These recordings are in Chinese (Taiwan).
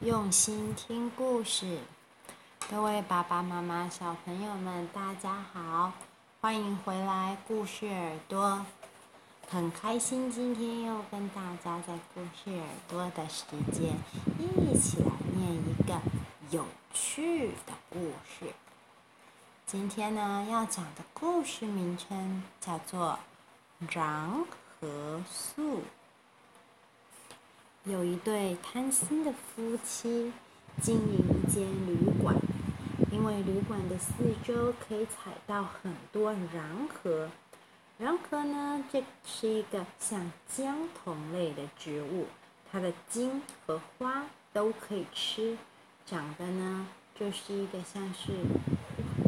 用心聽故事，各位爸爸媽媽、小朋友們，大家好，歡迎回來《故事耳朵》。很開心，今天又跟大家在《故事耳朵》的時間，一起來念一個有趣的故事。今天呢，要講的故事名稱叫做《蘘荷宿》。有一對貪心的夫妻經營一間旅館，因為旅館的四周可以採到很多蘘荷。蘘荷呢，這是一個像薑同類的植物，它的莖和花都可以吃，長得呢，就是一個像是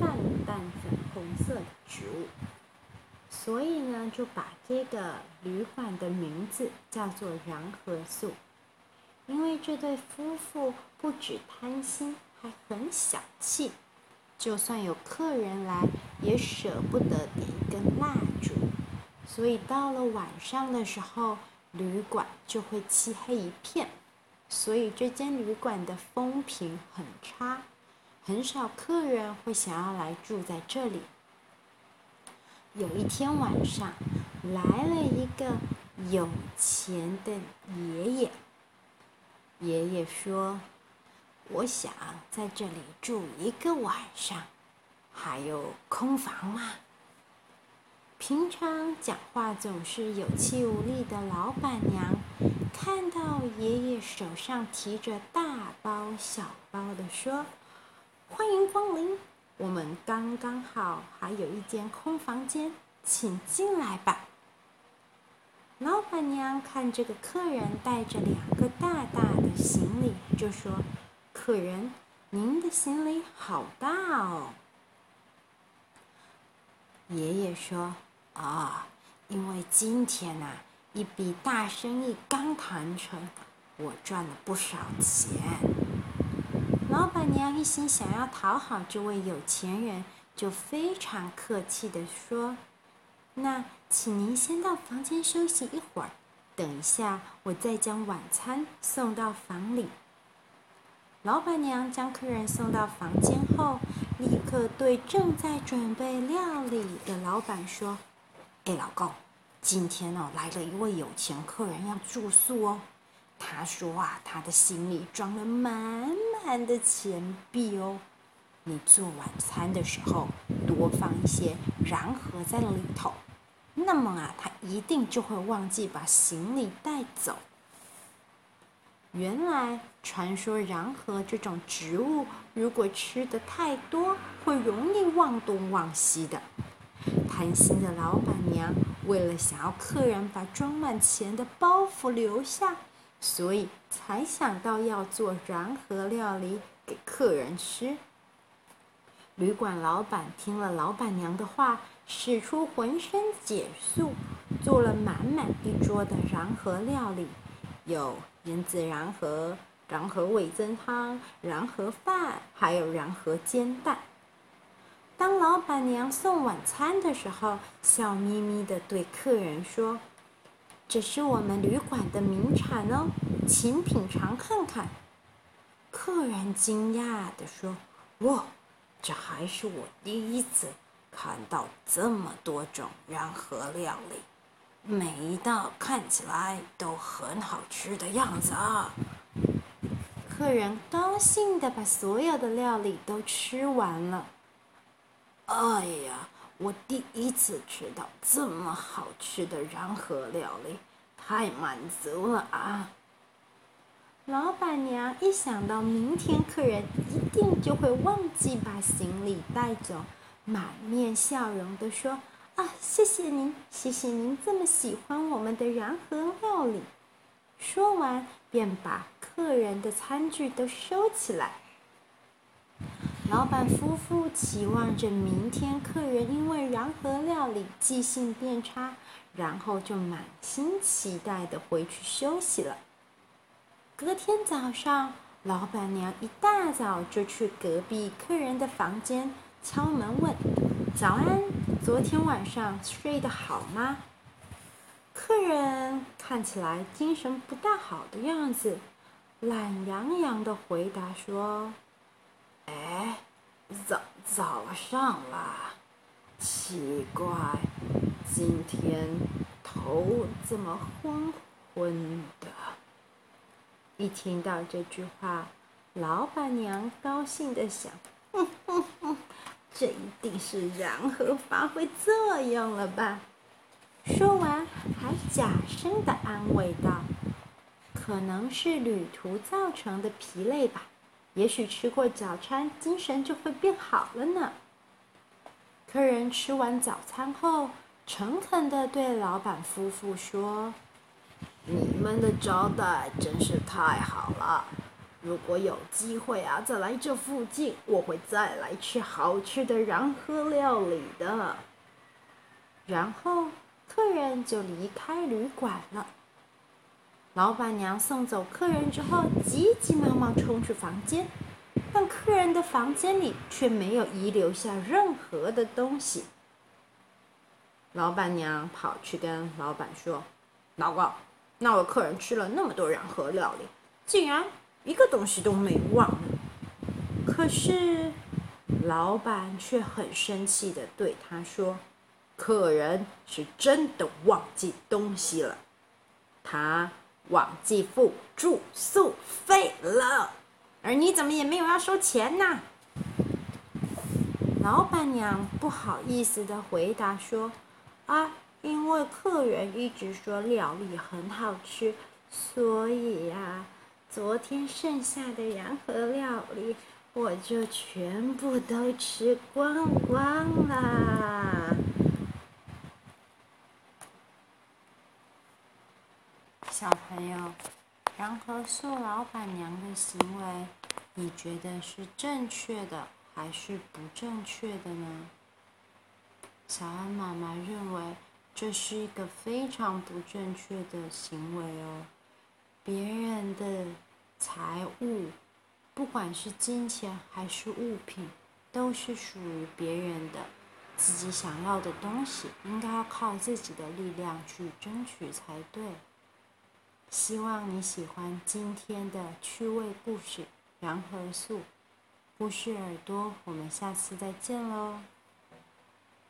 淡淡粉紅色的植物。所以呢，就把這個旅館的名字叫做“蘘荷宿”，因為這對夫婦不只貪心，還很小氣，就算有客人來，也捨不得點一根蠟燭。所以到了晚上的時候，旅館就會漆黑一片。所以這間旅館的風評很差，很少客人會想要來住在這裡。有一天晚上，來了一個有錢的爺爺。爺爺說：“我想在這裡住一個晚上，還有空房嗎？”平常講話總是有氣無力的老闆娘，看到爺爺手上提着大包小包的，說：“歡迎光臨。”我們剛剛好還有一間空房間，請進來吧。老板娘看這個客人帶着兩個大大的行李，就說：“客人，您的行李好大哦。”爺爺說：“啊、哦，因為今天吶、啊，一筆大生意剛談成，我賺了不少錢。”老闆娘一心想要討好這位有錢人，就非常客氣地說：“那請您先到房間休息一會兒，等一下我再將晚餐送到房裡。”老闆娘將客人送到房間後，立刻對正在準備料理的老闆說：“哎，老公，今天哦來了一位有錢客人要住宿哦，他說啊他的行李裝得滿滿的錢幣哦，你做晚餐的時候多放一些蘘荷在裡頭，那麼啊，他一定就會忘記把行李帶走。原來傳說蘘荷這種植物，如果吃得太多，會容易忘東忘西的。貪心的老板娘為了想要客人把裝滿錢的包袱留下。所以才想到要做蘘荷料理給客人吃。旅館老闆聽了老闆娘的話，使出渾身解數，做了滿滿一桌的蘘荷料理，有鹽漬蘘荷、蘘荷味噌湯、蘘荷飯，還有蘘荷煎蛋。當老闆娘送晚餐的時候，笑眯眯的對客人說。這是我們旅館的名產哦，請品嚐看看。客人驚訝地說：“哇，這還是我第一次看到這麼多種蘘荷料理，每一道看起來都很好吃的樣子啊！”客人高興的把所有的料理都吃完了。哎呀！我第一次吃到這麼好吃的蘘荷料理，太滿足了啊！老闆娘一想到明天客人一定就會忘記把行李帶走，滿面笑容地說：“啊，謝謝您，謝謝您這麼喜歡我們的蘘荷料理。”說完，便把客人的餐具都收起來。老闆夫婦期望着明天客人因為蘘荷料理記性變差，然後就滿心期待的回去休息了。隔天早上，老闆娘一大早就去隔壁客人的房間敲門問：“早安，昨天晚上睡得好嗎？”客人看起來精神不大好的樣子，懶洋洋的回答說。哎，早早上啦，奇怪，今天頭怎麼昏昏的？一聽到這句話，老闆娘高興地想，哼哼哼，這一定是蘘荷發揮作用了吧？說完，還假聲地安慰道：“可能是旅途造成的疲累吧。”也許吃過早餐，精神就會變好了呢。客人吃完早餐後，誠懇地對老闆夫婦說：“你們的招待真是太好了，如果有機會啊，再來這附近，我會再來吃好吃的蘘荷料理的。”然後，客人就離開旅館了。老闆娘送走客人之後，急急忙忙衝出房間，但客人的房間裡卻沒有遺留下任何的東西。老闆娘跑去跟老闆說：“老公，那位客人吃了那麼多蘘荷料理，竟然一個東西都沒忘。”可是，老闆卻很生氣地對他說：“客人是真的忘記東西了，他。”忘記付住宿費了，而你怎麼也沒有要收錢呢？老闆娘不好意思的回答說：“啊，因為客人一直說料理很好吃，所以呀、啊，昨天剩下的蘘荷料理我就全部都吃光光了。”小朋友，蘘荷宿老闆娘的行為，你覺得是正確的還是不正確的呢？小恩媽媽認為這是一個非常不正確的行為哦。別人的財物，不管是金錢還是物品，都是屬於別人的。自己想要的東西，應該要靠自己的力量去爭取才對。希望你喜歡今天的趣味故事，蘘荷宿，不是耳朵。我們下次再見嘍！